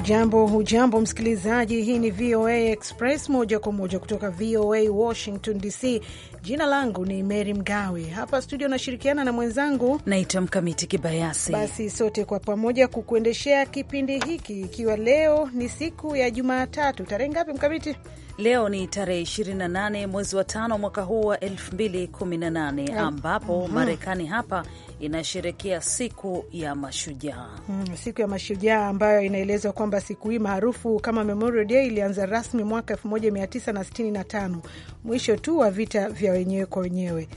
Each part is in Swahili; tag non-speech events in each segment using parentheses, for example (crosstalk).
Ujambo, hujambo msikilizaji. Hii ni VOA Express moja kwa moja kutoka VOA Washington DC. Jina langu ni Mary Mgawe, hapa studio nashirikiana na mwenzangu naitwa Mkamiti Kibayasi. Basi sote kwa pamoja kukuendeshea kipindi hiki, ikiwa leo ni siku ya Jumatatu. Tarehe ngapi, Mkamiti? Leo ni tarehe 28 mwezi wa tano mwaka huu wa 2018 ambapo mm -hmm. Marekani hapa inasherekea siku ya mashujaa mm, siku ya mashujaa ambayo inaelezwa kwamba siku hii maarufu kama Memorial Day ilianza rasmi mwaka 1965 mwisho tu wa vita vya wenyewe kwa wenyewe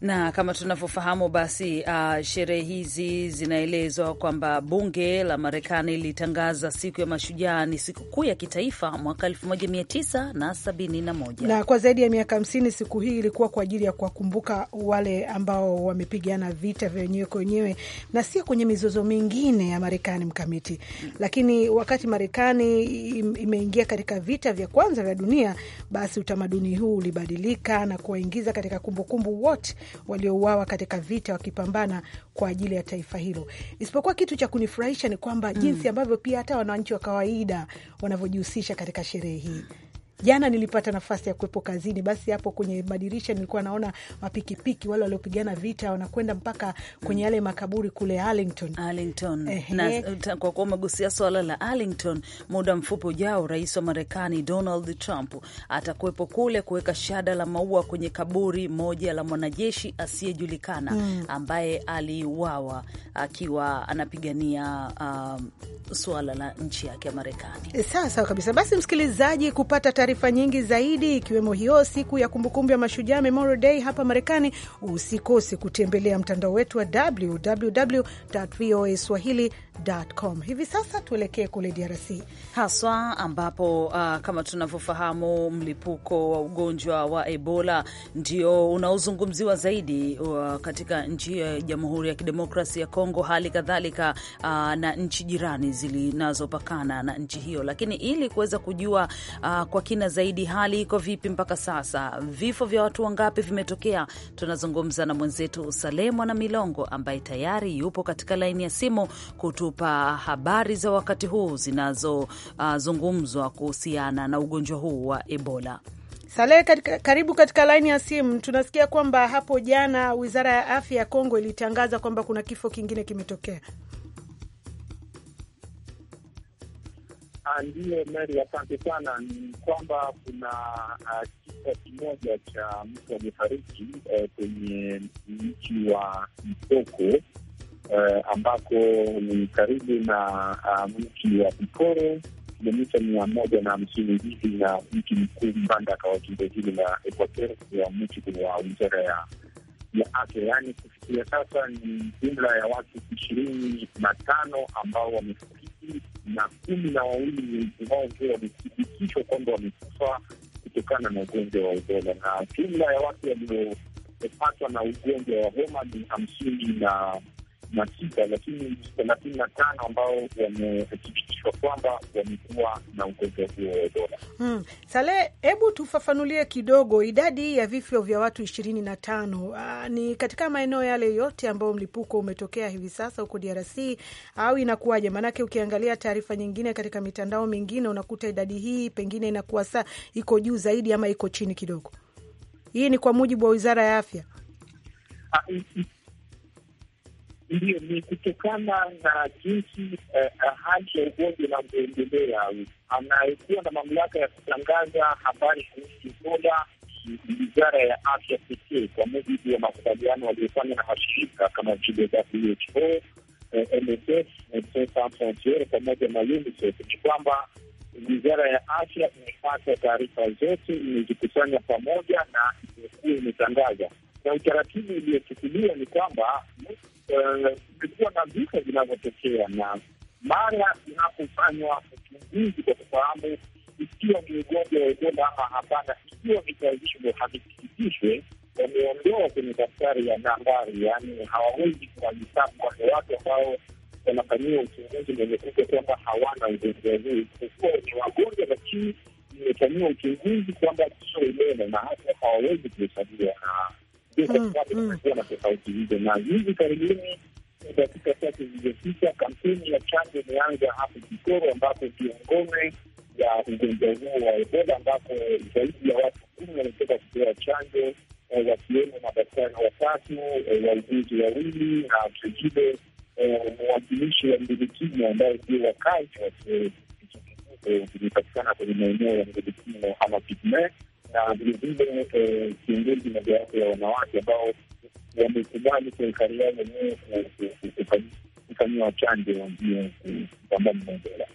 na kama tunavyofahamu basi, uh, sherehe hizi zinaelezwa kwamba bunge la Marekani lilitangaza siku ya mashujaa ni siku kuu ya kitaifa mwaka 1971 na kwa zaidi ya miaka 50 siku hii ilikuwa kwa ajili ya kuwakumbuka wale ambao wamepigana vita vya wenyewe kwa wenyewe na sio kwenye mizozo mingine ya Marekani mkamiti. Lakini wakati Marekani imeingia katika vita vya kwanza vya dunia, basi utamaduni huu ulibadilika na kuwaingiza katika kumbukumbu wote waliouawa katika vita wakipambana kwa ajili ya taifa hilo. Isipokuwa kitu cha kunifurahisha ni kwamba mm, jinsi ambavyo pia hata wananchi wa kawaida wanavyojihusisha katika sherehe hii Jana nilipata nafasi ya kuwepo kazini, basi hapo kwenye madirisha nilikuwa naona mapikipiki wale waliopigana vita wanakwenda mpaka kwenye yale makaburi kule Arlington, Arlington. Eh, na eh, kwa kuwa umegusia swala la Arlington, muda mfupi ujao rais wa Marekani Donald Trump atakuwepo kule kuweka shada la maua kwenye kaburi moja la mwanajeshi asiyejulikana mm, ambaye aliuawa akiwa anapigania um, swala la nchi yake ya Marekani. Eh, sawa sawa kabisa. Basi msikilizaji, kupata taarifa nyingi zaidi, ikiwemo hiyo siku ya kumbukumbu ya mashujaa Memorial Day hapa Marekani, usikose kutembelea mtandao wetu wa www voa swahili Com. Hivi sasa tuelekee kule DRC haswa ambapo uh, kama tunavyofahamu mlipuko wa ugonjwa wa Ebola ndio unaozungumziwa zaidi uh, katika nchi ya Jamhuri ya Kidemokrasi ya Kongo, hali kadhalika uh, na nchi jirani zilinazopakana na nchi hiyo. Lakini ili kuweza kujua uh, kwa kina zaidi hali iko vipi mpaka sasa, vifo vya watu wangapi vimetokea, tunazungumza na mwenzetu Salemwa na Milongo ambaye tayari yupo katika laini ya simu kutu kutupa habari za wakati huu zinazozungumzwa uh, kuhusiana na ugonjwa huu wa Ebola. saleh karibu katika laini ya simu. Tunasikia kwamba hapo jana wizara ya afya ya Kongo ilitangaza kwamba kuna kifo kingine kimetokea. Ah, ndiyo Meri, asante sana. Ni kwamba kuna uh, kisa kimoja cha mtu aliyefariki eh, kwenye mji wa Mtoko uh, ambako ni karibu na uh, mji wa Bikoro, kilomita mia moja na hamsini hivi na mji mkuu Mbandaka wa jimbo hili la Ekuater ya mji wa wizara ya ya afya. Yaani kufikia sasa ni jumla ya watu ishirini na tano ambao wamefariki na kumi na wawili ambao ndio wamethibitishwa kwamba wamekufa kutokana na ugonjwa wa Ebola, na jumla ya watu waliopatwa na ugonjwa wa homa ni hamsini na na sita lakini thelathini na tano ambao wamethibitishwa kwamba wamekuwa na ugonjwa huo wa Ebola. Hmm. Sale, hebu tufafanulie kidogo idadi ya vifo vya watu ishirini na tano ah, ni katika maeneo yale yote ambayo mlipuko umetokea hivi sasa huko DRC au inakuwaje? Maanake ukiangalia taarifa nyingine katika mitandao mingine unakuta idadi hii pengine inakuwa saa iko juu zaidi ama iko chini kidogo. Hii ni kwa mujibu wa Wizara ya Afya. Ah, ndio ni kutokana na jinsi eh, eh, hali ya ugonjwa inavyoendelea. Anayekuwa na mamlaka ya kutangaza habari kuhusu Ebola ni wizara ya afya pekee, kwa mujibu wa makubaliano waliofanya na mashirika kama vile WHO, eh, MSF, pamoja na UNICEF. Ni kwamba wizara ya afya imepata taarifa zote, imezikusanya pamoja na imekuwa imetangaza na utaratibu uliochukuliwa ni kwamba eh, kumekuwa na vifo vinavyotokea, na mara inapofanywa uchunguzi kwa kufahamu ikiwa ni ugonjwa wa Ebola ama hapana, ikiwa vitazivyo havithibitishwe, wameondoa kwenye daftari ya nambari, yaani hawawezi kuwahesabu wale watu ambao wanafanyiwa uchunguzi mwenye kuta kwamba hawana ugonjwa huu, isipokuwa wenye wagonjwa lakini imefanyiwa uchunguzi kwamba sio Ebola na hata hawawezi kuhesabiwa na ndio mm, sababu mm. na tofauti hizo. Na hizi karibuni, eh, dakika chache zilizopita, kampeni ya chanjo imeanza hapo Kikoro, ambapo ndio ngome ya ugonjwa huo wa Ebola, ambapo zaidi ya watu kumi wametoka kupewa chanjo, eh, wakiwemo madaktari watatu, eh, wauguzi wawili na vilevile mwakilishi wa Mbilikimo ambao ndio wakazi wa vilipatikana kwenye maeneo ya Mbilikimo ama Pigme na vilevile kiongozi mojawapo ya wanawake ambao wamekubali serikali yao wenyewe kufanyiwa chanjo wampambana na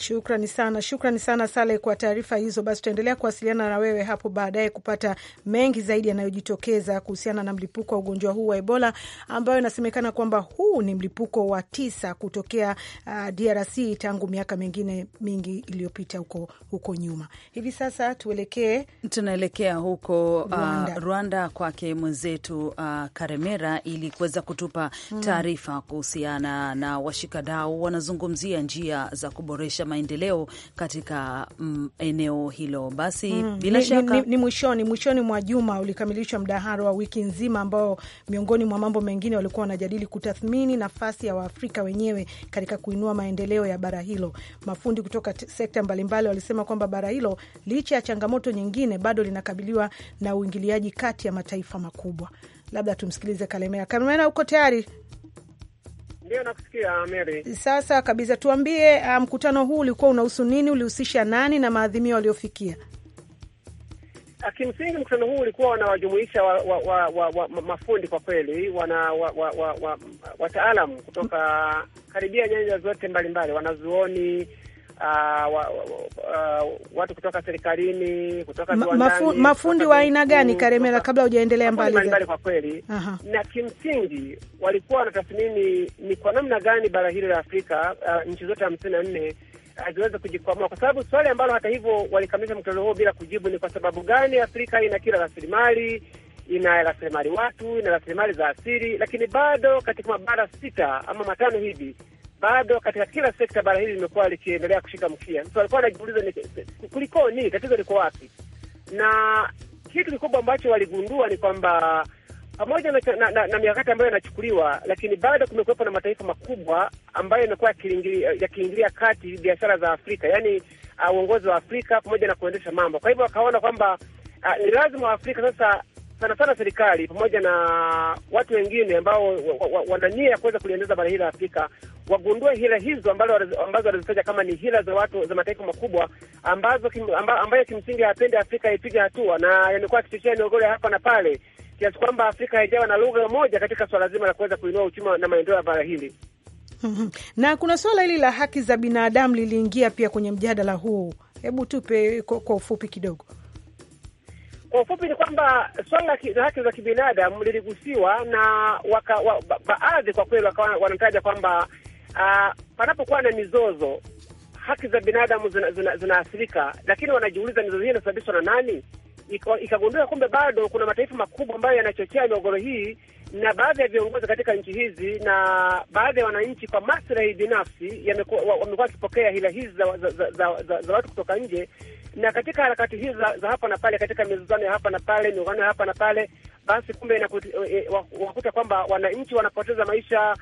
Shukrani sana, shukrani sana Sale kwa taarifa hizo. Basi tutaendelea kuwasiliana na wewe hapo baadaye kupata mengi zaidi yanayojitokeza kuhusiana na mlipuko wa ugonjwa huu wa Ebola, ambayo inasemekana kwamba huu ni mlipuko wa tisa kutokea uh, DRC tangu miaka mingine mingi iliyopita huko, huko nyuma. Hivi sasa tuelekee, tunaelekea huko uh, Rwanda, uh, Rwanda kwake mwenzetu uh, Karemera ili kuweza kutupa hmm. taarifa kuhusiana na washikadau wanazungumzia njia za kuboresha maendeleo katika mm, eneo hilo. Basi mm, bila ni, shaka ni, ni, ni mwishoni mwishoni mwa juma ulikamilishwa mdaharo wa wiki nzima ambao miongoni mwa mambo mengine walikuwa wanajadili kutathmini nafasi ya Waafrika wenyewe katika kuinua maendeleo ya bara hilo. Mafundi kutoka sekta mbalimbali walisema kwamba bara hilo licha ya changamoto nyingine bado linakabiliwa na uingiliaji kati ya mataifa makubwa. Labda tumsikilize Kalemea. Kalemea, uko tayari? Ndio, nakusikia Mary. Sasa kabisa, tuambie uh, mkutano um, huu ulikuwa unahusu nini? Ulihusisha nani na maadhimio waliofikia? Ah, kimsingi mkutano huu ulikuwa wanawajumuisha wa, wa, wa, wa, wa, mafundi kwa kweli, wana wa, wa, wa, wa, wa kutoka karibia nyanja zote mbalimbali, wanazuoni uh, wa, uh, watu kutoka serikalini kutoka Ma, viwandani, mafundi wa aina gani Karemera, kabla hujaendelea mbali? Kwa kweli na kimsingi walikuwa wanatathmini ni kwa namna gani bara hili la Afrika uh, nchi zote hamsini na nne haziweze kujikwamua, kwa sababu swali ambalo hata hivyo walikamilisha mkutano huo bila kujibu ni kwa sababu gani Afrika ina kila rasilimali ina rasilimali watu, ina rasilimali za asili, lakini bado katika mabara sita ama matano hivi bado katika kila sekta bara hili limekuwa likiendelea kushika mkia. Mtu alikuwa anajiuliza kulikoni, tatizo liko wapi? Na kitu kikubwa ambacho waligundua ni kwamba pamoja na, na, na, na mikakati ambayo yanachukuliwa lakini bado kumekuwepo na mataifa makubwa ambayo yamekuwa yakiingilia kati biashara za Afrika, yaani uh, uongozi uh, wa Afrika pamoja na kuendesha mambo. Kwa hivyo wakaona kwamba uh, ni lazima Waafrika sasa sana sana serikali pamoja na watu wengine ambao wana nia ya kuweza kuliendeleza bara hili la Afrika wagundue hila hizo ambazo wanazitaja kama ni hila za watu za mataifa makubwa ambazo kim, amba, ambayo kimsingi hapendi Afrika ipige hatua na yamekuwa akitishia migogoro ya hapa na pale kiasi kwamba Afrika haijawa na lugha moja katika swala zima la kuweza kuinua uchumi na maendeleo ya bara hili. Mhm. Na kuna swala hili la haki za binadamu liliingia pia kwenye mjadala huu. Hebu tupe kwa ufupi kidogo. Kwa ufupi ni kwamba swala la haki za kibinadamu liligusiwa na waka, wa, ba, baadhi kwa kweli wanataja kwamba uh, panapokuwa na mizozo haki za binadamu zinaathirika zina, zina, lakini wanajiuliza mizozo hii inasababishwa na nani? Ikagundua kumbe bado kuna mataifa makubwa ambayo yanachochea migogoro hii na baadhi ya viongozi katika nchi hizi na baadhi ya wananchi kwa maslahi binafsi wamekuwa wakipokea hila hizi za, za, za, za, za, za watu kutoka nje na katika harakati hizi za, za hapa na pale, katika mizozano ya hapa na pale, miungano ya hapa na pale, basi kumbe eh, eh, wakuta kwamba wananchi wanapoteza maisha,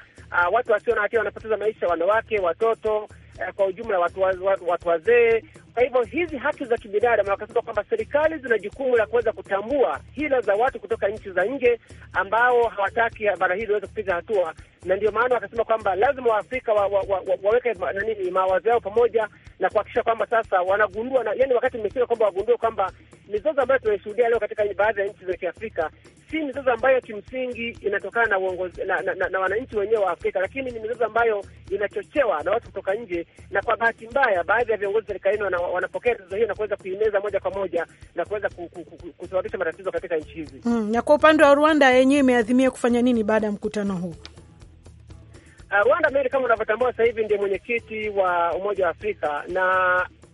uh, watu wasio na hatia wanapoteza maisha, wanawake, watoto eh, kwa ujumla watu, watu, watu wazee. Kwa hivyo hizi haki za kibinadamu, wakasema kwamba serikali zina jukumu la kuweza kutambua hila za watu kutoka nchi za nje ambao hawataki bara hili liweze kupiga hatua, na ndio maana wakasema kwamba lazima Waafrika wa, wa, wa, wa, waweke nanini mawazo yao pamoja na kuhakikisha kwamba sasa wanagundua na, yani wakati umefika kwamba wagundue kwamba mizozo ambayo tunaishuhudia leo katika baadhi ya nchi za Kiafrika si mizozo ambayo kimsingi inatokana na uongozi na, na, na, na wananchi wenyewe wa Afrika, lakini ni mizozo ambayo inachochewa na watu kutoka nje, na kwa bahati mbaya baadhi ya viongozi serikalini wana, wanapokea mizozo hiyo na kuweza kuimeza moja kwa moja na kuweza kusababisha matatizo katika nchi hizi mm. Na kwa upande wa Rwanda yenyewe imeazimia kufanya nini baada ya mkutano huu? Uh, Rwanda meli kama unavyotambua sasa hivi ndiye mwenyekiti wa Umoja wa Afrika na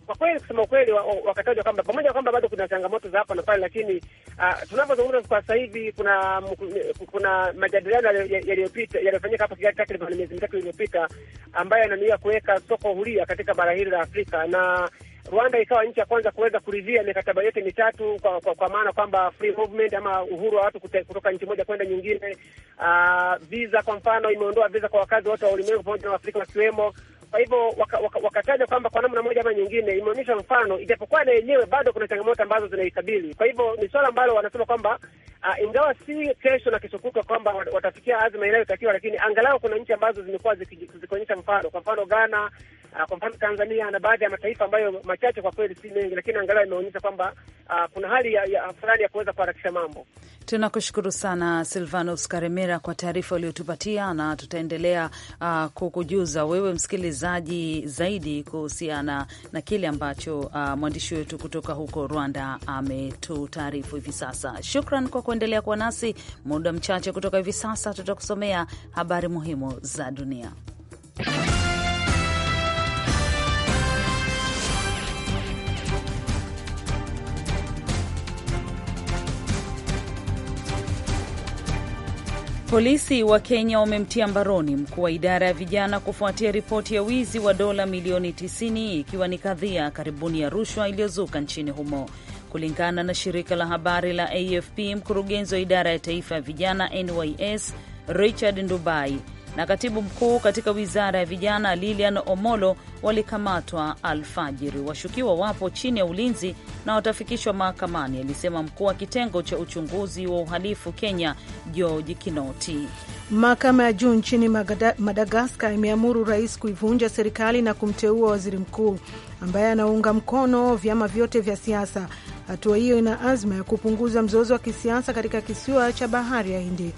kwa kweli, kusema kweli, wakatajwa kwamba pamoja kwamba bado kuna changamoto za hapa na pale, lakini uh, tunapozungumza kwa sasa hivi kuna mm, kuna majadiliano yaliyopita yaliyofanyika hapa Kigali takriban miezi mitatu iliyopita, ambayo yananuia kuweka soko huria katika bara hili la Afrika na Rwanda ikawa nchi ya kwanza kuweza kuridhia mikataba yote mitatu kwa, kwa, kwa maana kwamba free movement ama uhuru wa watu kutoka nchi moja kwenda nyingine. Uh, visa kwa mfano imeondoa visa kwa wakazi wote wa ulimwengu pamoja na Afrika wakiwemo kwa hivyo wakataja waka, waka kwamba kwa namna moja ama nyingine imeonyesha mfano, ijapokuwa na yenyewe bado kuna changamoto ambazo zinaikabili. Kwa hivyo ni swala ambalo wanasema kwamba uh, ingawa si kesho na kesho kutwa kwamba watafikia azma inayotakiwa, lakini angalau kuna nchi ambazo zimekuwa zikionyesha mfano, kwa mfano Ghana Uh, kwa mfano Tanzania na baadhi ya mataifa ambayo machache kwa kweli, si mengi, lakini angalau imeonyesha kwamba uh, kuna hali ya, ya fulani ya kuweza kuharakisha mambo. Tunakushukuru sana Silvanus Karemera kwa taarifa uliotupatia na tutaendelea uh, kukujuza wewe msikilizaji zaidi kuhusiana na kile ambacho uh, mwandishi wetu kutoka huko Rwanda ametutaarifu hivi sasa. Shukran kwa kuendelea kuwa nasi. Muda mchache kutoka hivi sasa tutakusomea habari muhimu za dunia. Polisi wa Kenya wamemtia mbaroni mkuu wa idara ya vijana kufuatia ripoti ya wizi wa dola milioni 90 ikiwa ni kadhia karibuni ya rushwa iliyozuka nchini humo. Kulingana na shirika la habari la AFP, mkurugenzi wa idara ya taifa ya vijana NYS Richard Ndubai na katibu mkuu katika wizara ya vijana Lilian Omolo walikamatwa alfajiri. Washukiwa wapo chini ya ulinzi na watafikishwa mahakamani, alisema mkuu wa kitengo cha uchunguzi wa uhalifu Kenya, George Kinoti. Mahakama ya juu nchini Madagaskar imeamuru rais kuivunja serikali na kumteua waziri mkuu ambaye anaunga mkono vyama vyote vya siasa. Hatua hiyo ina azma ya kupunguza mzozo wa kisiasa katika kisiwa cha bahari ya Hindi.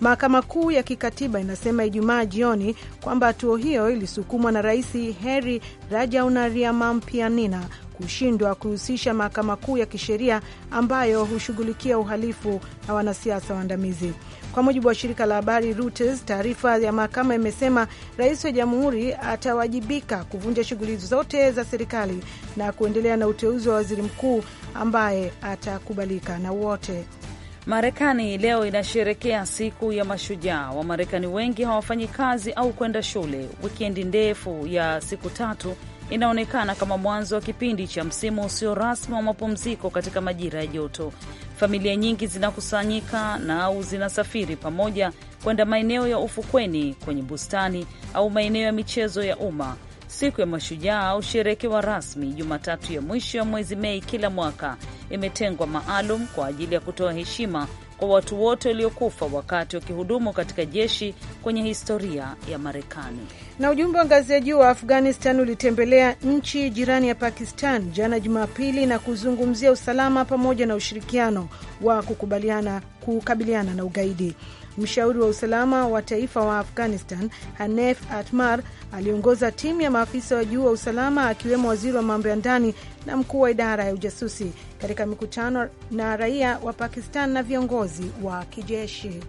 Mahakama Kuu ya Kikatiba inasema Ijumaa jioni kwamba hatua hiyo ilisukumwa na Rais Heri Rajaunariamampianina kushindwa kuhusisha mahakama kuu ya kisheria ambayo hushughulikia uhalifu na wanasiasa waandamizi. Kwa mujibu wa shirika la habari Reuters, taarifa ya mahakama imesema rais wa jamhuri atawajibika kuvunja shughuli zote za serikali na kuendelea na uteuzi wa waziri mkuu ambaye atakubalika na wote. Marekani leo inasherekea siku ya mashujaa. Wamarekani wengi hawafanyi kazi au kwenda shule. Wikendi ndefu ya siku tatu inaonekana kama mwanzo wa kipindi cha msimu usio rasmi wa mapumziko katika majira ya joto. Familia nyingi zinakusanyika na au zinasafiri pamoja kwenda maeneo ya ufukweni, kwenye bustani au maeneo ya michezo ya umma Siku ya Mashujaa husherekewa rasmi Jumatatu ya mwisho ya mwezi Mei kila mwaka. Imetengwa maalum kwa ajili ya kutoa heshima kwa watu wote waliokufa wakati wakihudumu katika jeshi kwenye historia ya Marekani. Na ujumbe wa ngazi ya juu wa Afghanistan ulitembelea nchi jirani ya Pakistan jana Jumapili na kuzungumzia usalama pamoja na ushirikiano wa kukubaliana kukabiliana na ugaidi. Mshauri wa usalama wa taifa wa Afghanistan Hanef Atmar aliongoza timu ya maafisa wa juu wa usalama akiwemo waziri wa mambo ya ndani na mkuu wa idara ya ujasusi katika mikutano na raia wa Pakistan na viongozi wa kijeshi.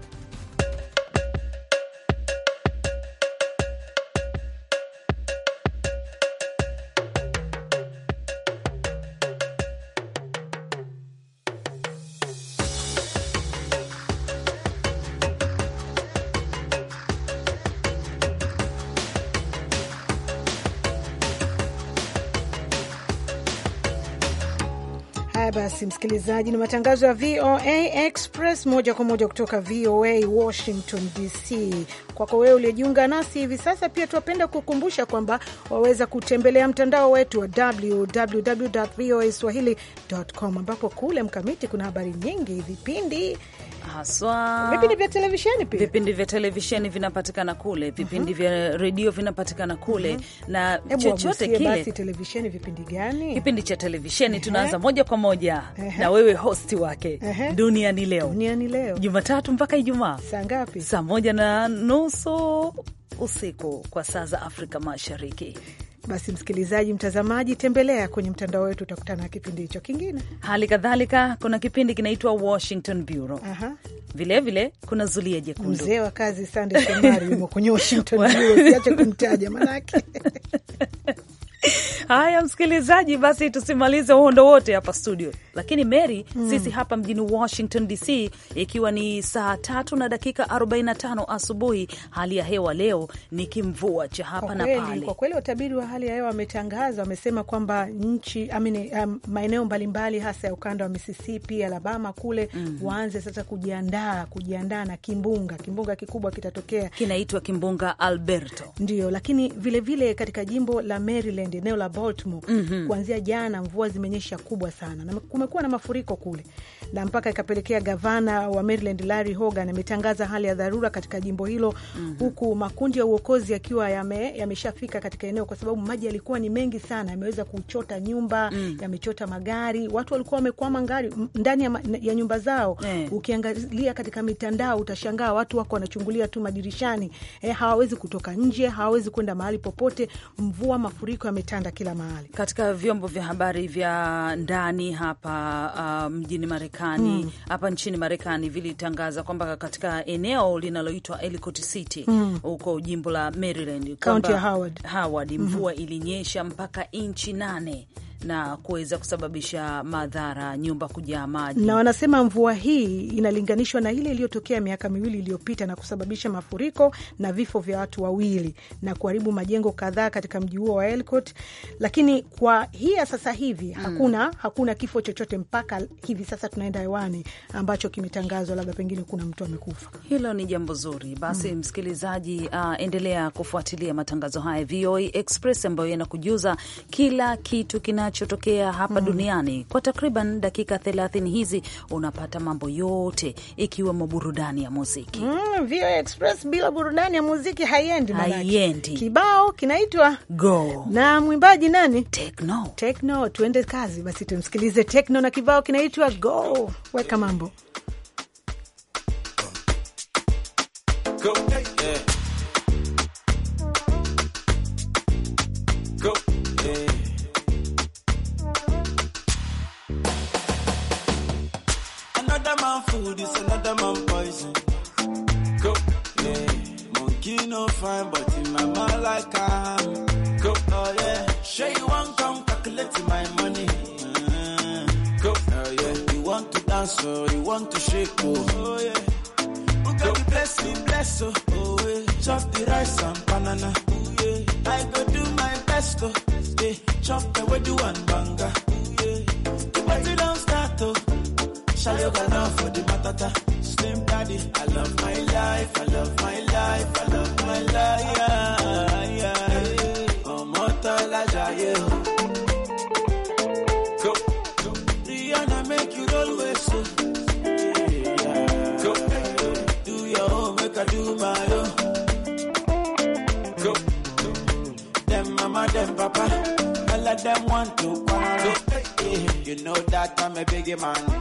msikilizaji, ni matangazo ya VOA Express moja kwa moja kutoka VOA Washington DC. Kwako wewe uliojiunga nasi hivi sasa, pia tuwapenda kukumbusha kwamba waweza kutembelea mtandao wetu wa www voa swahili.com, ambapo kule Mkamiti kuna habari nyingi, vipindi haswa vipindi vya televisheni pia. Vipindi vya televisheni vinapatikana kule, vipindi vya redio vinapatikana kule uh mhm. -huh. na Ebu chochote kile. Basi televisheni vipindi gani? Kipindi cha televisheni uh -huh. tunaanza moja kwa moja uh -huh. na wewe hosti wake uh -huh. duniani leo, duniani leo, Jumatatu mpaka Ijumaa saa ngapi? Saa moja na nusu usiku kwa saa za Afrika Mashariki. Basi msikilizaji, mtazamaji, tembelea kwenye mtandao wetu, utakutana na kipindi hicho kingine. Hali kadhalika kuna kipindi kinaitwa Washington Bureau. Aha. Vilevile vile, kuna zulia jekundu. Mzee wa kazi Sande Shomari yumo kwenye Washington (laughs) Bureau, siache kumtaja manake (laughs) (laughs) Haya, msikilizaji, basi tusimalize uhondo wote hapa studio, lakini Mary, mm. sisi hapa mjini Washington DC, ikiwa ni saa tatu na dakika 45 asubuhi, hali ya hewa leo ni kimvua cha hapa na pale. Kwa kweli, watabiri wa hali ya hewa wametangaza, wamesema kwamba nchi amini, um, maeneo mbalimbali hasa ya ukanda wa Mississippi, Alabama kule mm. waanze sasa kujiandaa, kujiandaa na kimbunga. Kimbunga kikubwa kitatokea, kinaitwa kimbunga Alberto, ndio. Lakini vilevile vile katika jimbo la Maryland Maryland, eneo la Baltimore mm -hmm. Kuanzia jana mvua zimenyesha kubwa sana na kumekuwa na mafuriko kule, na mpaka ikapelekea gavana wa Maryland Larry Hogan ametangaza hali ya dharura katika jimbo hilo mm -hmm. Huku makundi ya uokozi yakiwa yameshafika yame katika eneo, kwa sababu maji yalikuwa ni mengi sana, yameweza kuchota nyumba mm Yamechota magari, watu walikuwa wamekwama ngari ndani ya, ya nyumba zao yeah. Ukiangalia katika mitandao utashangaa watu wako wanachungulia tu madirishani eh, hawawezi kutoka nje, hawawezi kwenda mahali popote. Mvua, mafuriko yame umetanda kila mahali katika vyombo vya habari vya ndani hapa uh, mjini Marekani mm. hapa nchini Marekani vilitangaza kwamba katika eneo linaloitwa Ellicott City hmm. huko mm. jimbo la Maryland, ya Howard, Howard hmm. mvua mm -hmm. ilinyesha mpaka inchi nane na kuweza kusababisha madhara, nyumba kujaa maji. Na wanasema mvua hii inalinganishwa na ile iliyotokea miaka miwili iliyopita na kusababisha mafuriko na vifo vya watu wawili na kuharibu majengo kadhaa katika mji huo wa Elkot, lakini kwa hiya sasa hivi mm. hakuna hakuna kifo chochote mpaka hivi sasa tunaenda hewani ambacho kimetangazwa, labda pengine kuna mtu amekufa. Hilo ni jambo zuri. Basi mm, msikilizaji, uh, endelea kufuatilia matangazo haya VOA Express ambayo yanakujuza kila kitu kina kinachotokea hapa mm, duniani kwa takriban dakika 30 hizi unapata mambo yote ikiwemo burudani ya muziki mm, VOA Express bila burudani ya muziki haiendi, haiendi. Kibao kinaitwa Go na mwimbaji nani? Tekno. Tekno, tuende kazi basi, tumsikilize Tekno na kibao kinaitwa Go. Weka mambo Go. Hey, yeah. man.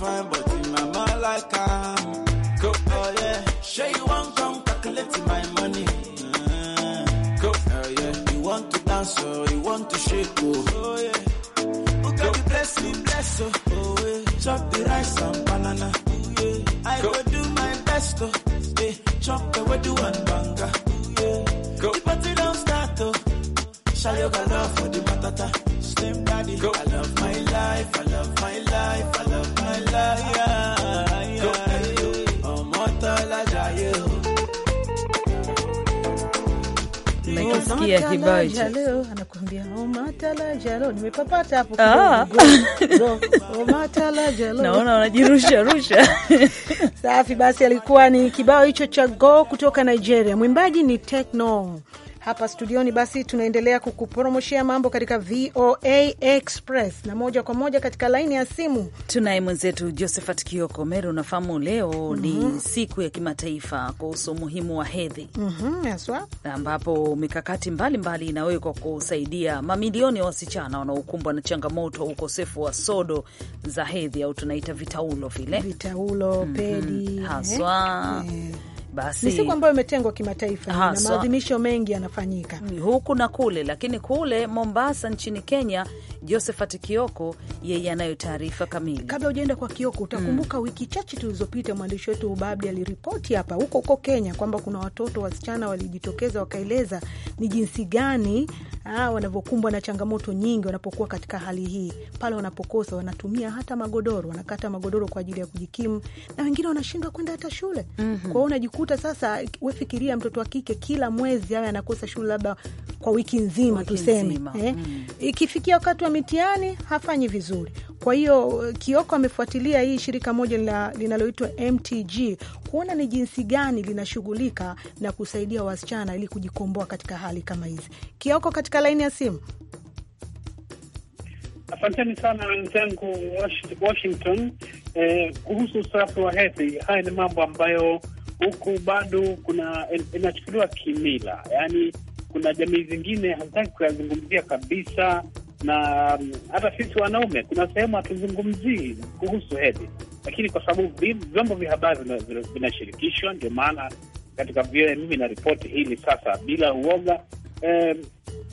fine, but in my mind like I'm go. Oh yeah, sure you want come calculate my money. Uh, go. Oh yeah, you want to dance or oh, you want to shake oh. Oh yeah, who can bless me bless oh. oh yeah, chop the rice and Maria Kibaji anakuambia omatala oh, jalo. Nimepapata hapo, ah. (laughs) oh, oh, naona wanajirusha rusha. Safi basi, alikuwa ni kibao hicho cha go kutoka Nigeria. Mwimbaji ni Tekno hapa studioni. Basi tunaendelea kukupromoshea mambo katika VOA Express na moja kwa moja katika laini ya simu tunaye mwenzetu Josephat Kioko Meri. Unafahamu leo mm -hmm. ni mhm. siku ya kimataifa kuhusu umuhimu wa hedhi mm -hmm, aswa ambapo mikakati mbalimbali inawekwa kusaidia mamilioni ya wasichana wanaokumbwa na changamoto wa ukosefu wa sodo za hedhi au tunaita vitaulo vile vitaulo, mm -hmm. pedi haswa eh. eh basi ni siku ambayo imetengwa kimataifa na maadhimisho mengi yanafanyika huku na kule, lakini kule Mombasa nchini Kenya, Josephat Kioko yeye anayo taarifa kamili. Kabla ujaenda kwa Kioko, utakumbuka mm, wiki chache tulizopita mwandishi wetu Ubabdi aliripoti hapa huko huko Kenya kwamba kuna watoto wasichana walijitokeza wakaeleza ni jinsi gani ah, wanavyokumbwa na changamoto nyingi wanapokuwa katika hali hii. Pale wanapokosa wanatumia hata magodoro, wanakata magodoro kwa ajili ya kujikimu, na wengine wanashindwa kwenda hata shule mm -hmm. Kwao unajikuta sasa, wefikiria mtoto wa kike kila mwezi awe anakosa shule labda kwa wiki nzima, tuseme eh? mm. Ikifikia wakati wa mitihani hafanyi vizuri, kwa hiyo eh, Kioko amefuatilia hii shirika moja linaloitwa MTG kuona ni jinsi gani linashughulika na kusaidia wasichana ili kujikomboa katika hali kama hizi. Kioko, katika laini ya simu. Asanteni sana wenzangu Washington. Eh, kuhusu usafi wa hedhi, haya ni mambo ambayo huku bado kuna eh, inachukuliwa kimila, yaani kuna jamii zingine hazitaki kuyazungumzia kabisa na mm, hata sisi wanaume kuna sehemu hatuzungumzii kuhusu hedhi, lakini kwa sababu vyombo vya habari vinashirikishwa, ndio maana katika vyoe mimi na ripoti hili sasa bila uoga eh,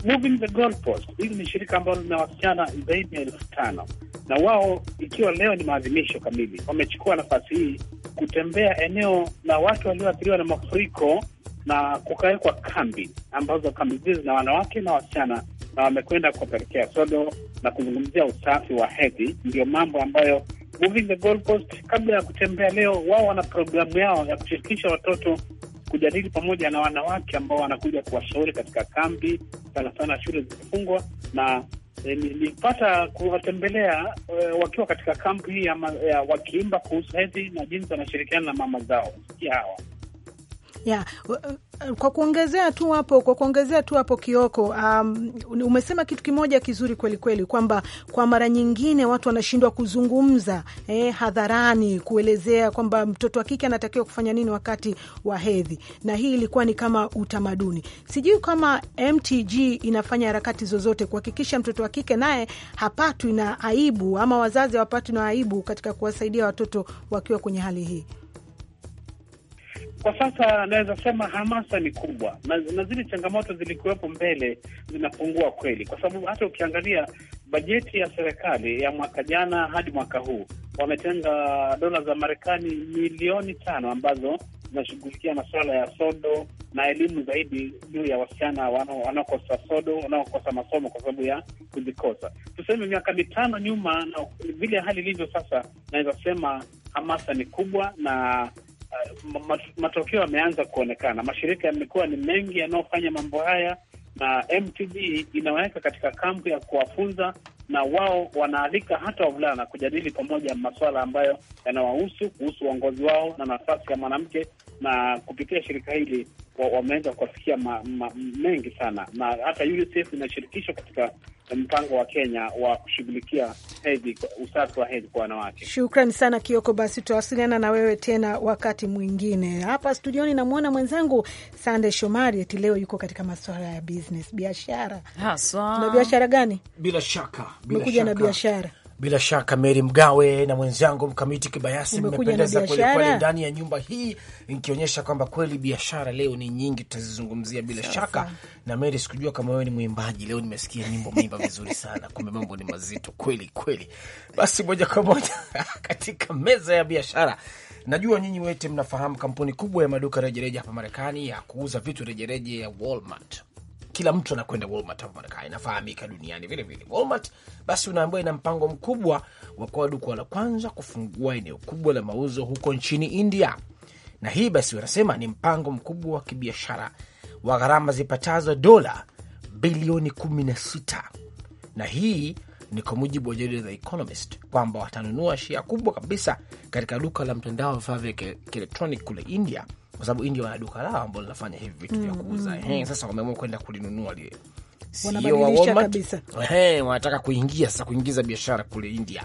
Moving the Goalpost. Hili ni shirika ambalo lina wasichana zaidi ya elfu tano na wao, ikiwa leo ni maadhimisho kamili, wamechukua nafasi hii kutembea eneo la watu walioathiriwa na mafuriko na kukawekwa kambi ambazo kambi hizi zina wanawake na wasichana na wamekwenda kuwapelekea sodo na kuzungumzia usafi wa hedhi. Ndio mambo ambayo Moving the Goalpost, kabla ya kutembea leo, wao wana programu yao ya kushirikisha watoto kujadili pamoja na wanawake ambao wanakuja kuwashauri katika kambi, sana sana shule zimefungwa na e, nilipata kuwatembelea e, wakiwa katika kampu hii ya, ya wakiimba kuhusu hedhi na jinsi wanashirikiana na mama zao. Sikia hawa Yeah. Kwa kuongezea tu hapo, kwa kuongezea tu hapo Kioko, um, umesema kitu kimoja kizuri kweli kweli kwamba kwa mara nyingine watu wanashindwa kuzungumza eh, hadharani kuelezea kwamba mtoto wa kike anatakiwa kufanya nini wakati wa hedhi, na hii ilikuwa ni kama utamaduni. Sijui kama MTG inafanya harakati zozote kuhakikisha mtoto wa kike naye hapatwi na aibu ama wazazi hawapatwi na aibu katika kuwasaidia watoto wakiwa kwenye hali hii. Kwa sasa naweza sema hamasa ni kubwa na, na zile changamoto zilikuwepo mbele zinapungua kweli, kwa sababu hata ukiangalia bajeti ya serikali ya mwaka jana hadi mwaka huu wametenga dola za Marekani milioni tano ambazo zinashughulikia masuala ya sodo na elimu zaidi juu ya wasichana wanaokosa sodo, wanaokosa masomo kwa sababu ya kuzikosa. Tuseme miaka mitano nyuma na vile hali ilivyo sasa, naweza sema hamasa ni kubwa na uh, matokeo yameanza kuonekana. Mashirika yamekuwa ni mengi yanayofanya mambo haya, na MTB inaweka katika kampu ya kuwafunza, na wao wanaalika hata wavulana kujadili pamoja masuala ambayo yanawahusu kuhusu uongozi wao na nafasi ya mwanamke, na kupitia shirika hili wameweza kuwafikia mengi sana, na hata UNICEF inashirikishwa katika mpango wa Kenya wa kushughulikia hedhi, usafi wa hedhi kwa wanawake. Shukrani sana Kioko, basi tutawasiliana na wewe tena wakati mwingine. Hapa studioni namwona mwenzangu Sande Shomari, eti leo yuko katika masuala ya business, biashara haswa. Na biashara gani? Bila shaka umekuja na biashara bila shaka Meri Mgawe na mwenzangu Mkamiti Kibayasi, mmependeza kwelikweli ndani ya nyumba hii, nikionyesha kwamba kweli biashara leo ni nyingi, tutazizungumzia bila Sasa shaka. Na Meri, sikujua kama wewe ni mwimbaji. Leo nimesikia nyimbo mimba vizuri sana, kumbe mambo ni mazito kweli kweli. Basi moja kwa moja (laughs) katika meza ya biashara Najua nyinyi wote mnafahamu kampuni kubwa ya maduka rejereje hapa Marekani ya kuuza vitu rejereje ya Walmart kila mtu anakwenda Walmart hapa Marekani, inafahamika duniani vile vile. Walmart basi unaambiwa ina mpango mkubwa wa kuwa duka la kwanza kufungua eneo kubwa la mauzo huko nchini India, na hii basi wanasema ni mpango mkubwa wa kibiashara wa gharama zipatazo dola bilioni 16 na hii ni kwa mujibu wa jarida The Economist kwamba watanunua shia kubwa kabisa katika duka la mtandao wa vifaa vya kielektroniki kule India kwa sababu India wana duka lao ambao linafanya hivi vitu vya mm, kuuza mm -hmm. Sasa wameamua kwenda kulinunua lile, sio wa Walmart, wanataka kuingia sasa, kuingiza biashara kule India.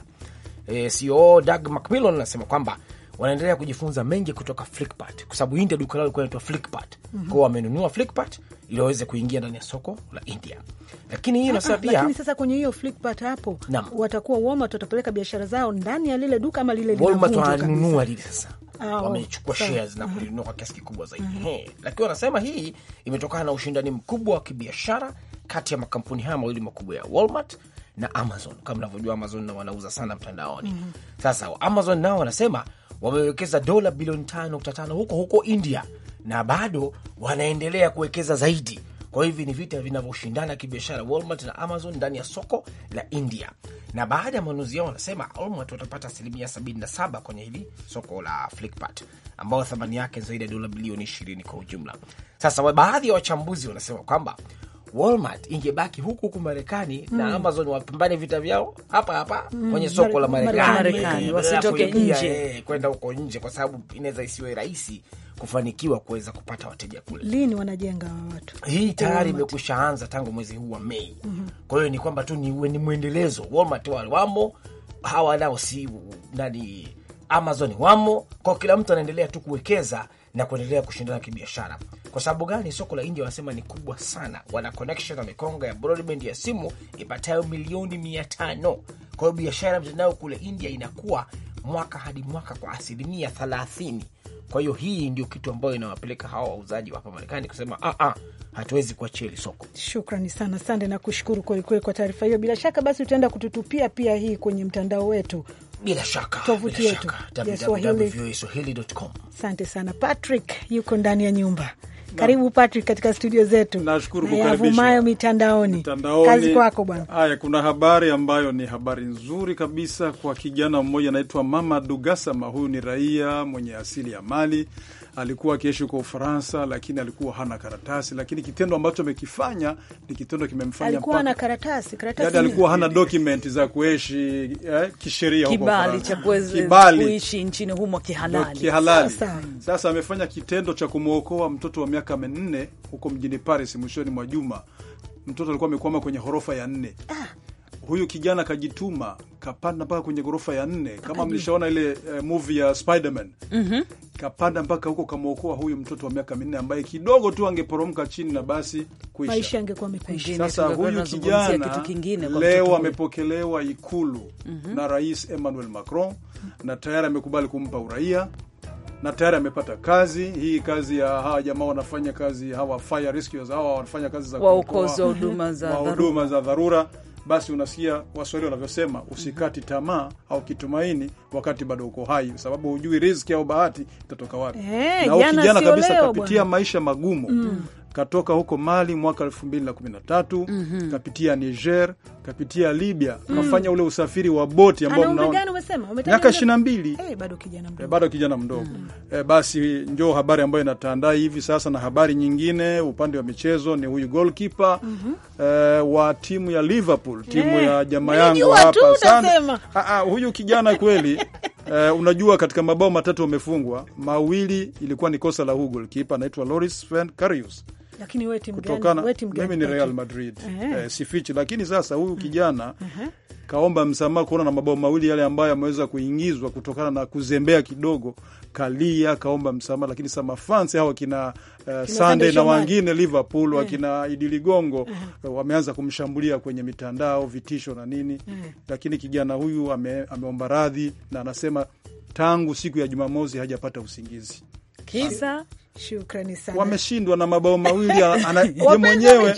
E, CEO Doug McMillan anasema kwamba wanaendelea kujifunza mengi kutoka Flipkart kwa sababu India duka lao lilikuwa linaitwa Flipkart mm -hmm. kwao wamenunua Flipkart ili waweze kuingia ndani ya soko la India. Lakini hii ah, inasema ah, pia, lakini sasa kwenye hiyo Flipkart hapo watakuwa Walmart watapeleka biashara zao ndani ya lile duka ama lile Walmart wananunua lile sasa ah, oh, wamechukua shares na kulinunua kwa kiasi kikubwa zaidi. mm -hmm. Lakini wanasema hii imetokana na ushindani mkubwa wa kibiashara kati ya makampuni haya mawili makubwa ya Walmart na Amazon. Kama unavyojua Amazon na wanauza sana mtandaoni. mm -hmm. Sasa Amazon nao wanasema wamewekeza dola bilioni tano 5.5 huko huko India mm na bado wanaendelea kuwekeza zaidi. Kwa hivi ni vita vinavyoshindana kibiashara, Walmart na Amazon ndani ya soko la India, na baada ya manunuzi yao wanasema Walmart watapata asilimia 77 kwenye hili soko la Flipkart ambayo thamani yake zaidi ya dola bilioni 20 kwa ujumla. Sasa baadhi ya wachambuzi wanasema kwamba Walmart ingebaki huku huku Marekani mm. na hmm. Amazon wapambane vita vyao hapa hapa mm. kwenye soko la Marekani, wasitoke nje eh, kwenda huko nje, kwa sababu inaweza isiwe rahisi kufanikiwa kuweza kupata wateja kule. Lini wanajenga wa watu hii tayari imekushaanza tangu mwezi huu wa Mei. mm -hmm. Kwa hiyo ni kwamba tu ni, ni mwendelezo. Walmart wamo hawa nao si nani, Amazon wamo, kwa kila mtu anaendelea tu kuwekeza na kuendelea kushindana kibiashara. Kwa sababu gani? Soko la India wanasema ni kubwa sana, wana connection na mikonga ya broadband ya simu ipatayo milioni mia tano. Kwa hiyo biashara ya mtandao kule India inakuwa mwaka hadi mwaka kwa asilimia thelathini. Kwa hiyo hii ndio kitu ambayo inawapeleka hawa wauzaji wa hapa Marekani kusema ah, ah, hatuwezi kuachia hili soko. Shukrani sana Sande, na kushukuru kwelikweli kwa taarifa hiyo. Bila shaka basi utaenda kututupia pia hii kwenye mtandao wetu bila shaka tovuti yetu ya Asante sana Patrick, yuko ndani ya nyumba. Karibu Patrick katika studio zetu. Nashukuru kukaribishwa. Yavumayo mitandaoni. Mitandaoni. Kazi kwako bwana. Haya, kuna habari ambayo ni habari nzuri kabisa kwa kijana mmoja anaitwa Mama Dugasama. Huyu ni raia mwenye asili ya Mali alikuwa akiishi huko Ufaransa, lakini alikuwa hana karatasi, lakini kitendo ambacho amekifanya ni kitendo kimemfanya alikuwa hana karatasi, karatasi yaani alikuwa hana document za kuishi eh, kisheria huko kibali cha kuishi nchini humo kihalali, kihalali. Sasa, sasa amefanya kitendo cha kumwokoa mtoto wa miaka minne huko mjini Paris mwishoni mwa juma. Mtoto alikuwa amekwama kwenye ghorofa ya nne ah. Huyu kijana kajituma kapanda mpaka kwenye ghorofa ya nne, kama mlishaona ile uh, movie ya Spiderman mm -hmm kapanda mpaka huko kamwokoa huyu mtoto wa miaka minne ambaye kidogo tu angeporomka chini na basi kuisha. Sasa huyu kijana leo amepokelewa Ikulu mm -hmm. na Rais Emmanuel Macron mm -hmm. na tayari amekubali kumpa uraia na tayari amepata kazi hii. Kazi ya hawa jamaa wanafanya kazi hawa fire rescuers, hawa wanafanya kazi za huduma za dharura basi unasikia Waswahili wanavyosema, usikati tamaa au kitumaini wakati bado uko hai, sababu hujui riziki au bahati itatoka wapi. Hey, eh, na kijana kabisa kapitia maisha magumu mm katoka huko Mali mwaka 2013 mm -hmm. kapitia Niger, kapitia Libya mm kafanya ule usafiri wa boti ambao mnaona miaka 22 eh, bado kijana mdogo, eh, bado kijana mdogo mm -hmm. basi njo habari ambayo inatandaa hivi sasa na habari nyingine upande wa michezo ni huyu goalkeeper mm -hmm. e, wa timu ya Liverpool timu hey. ya jamaa yangu hapa sana ha, ah, ah, huyu kijana kweli Uh, (laughs) unajua katika mabao matatu wamefungwa mawili, ilikuwa ni kosa la huyu golikipa anaitwa Loris Van Karius lakini we timu gani? We timu gani? Mimi ni Real Madrid uh eh. -huh. eh, sifichi. Lakini sasa huyu mm. kijana uh mm-hmm. -huh. kaomba msamaha kuona na mabao mawili yale ambayo ameweza kuingizwa kutokana na kuzembea kidogo, kalia kaomba msamaha. Lakini sasa mafansi hawa eh, kina uh, Sande na wengine Liverpool eh. wakina Idi Ligongo uh, wameanza kumshambulia kwenye mitandao, vitisho na nini Aha. lakini kijana huyu ame, ameomba radhi na anasema tangu siku ya Jumamosi hajapata usingizi kisa Shukrani sana. Wameshindwa na mabao mawili (laughs) ye mwenyewe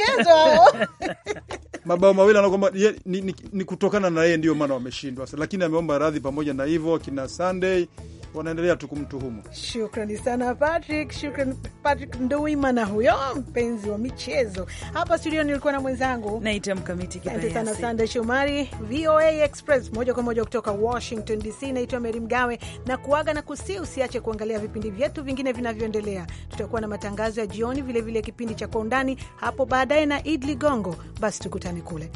(laughs) mabao mawili anakwamba ni, ni, ni kutokana na yeye, ndio maana wameshindwa, lakini ameomba radhi pamoja na hivyo kina Sunday wanaendelea tu kumtuhumu. Shukrani sana Patrick, shukrani Patrick Nduwimana, huyo mpenzi wa michezo. Hapa studio nilikuwa na mwenzangu naita Mkamiti Kibayasi. Asante sana Sande Shomari, VOA Express moja kwa moja kutoka Washington DC. Naitwa Meri Mgawe na kuaga na kusi, usiache kuangalia vipindi vyetu vingine vinavyoendelea. Tutakuwa na matangazo ya jioni, vilevile vile kipindi cha Kwa Undani hapo baadaye na Idli Gongo. Basi tukutane kule.